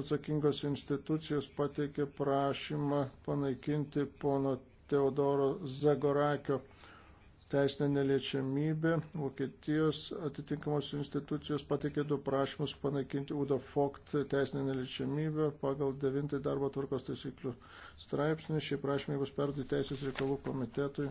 atsakingos institucijos pateikė prašymą panaikinti pono Teodoro Zagorakio teisinę neliečiamybę. Vokietijos atitinkamos institucijos pateikė du prašymus panaikinti Udo Fokt teisinę neliečiamybę pagal 9 darbo tvarkos taisyklių straipsnį. Šie prašymai bus perduoti Teisės reikalų komitetui.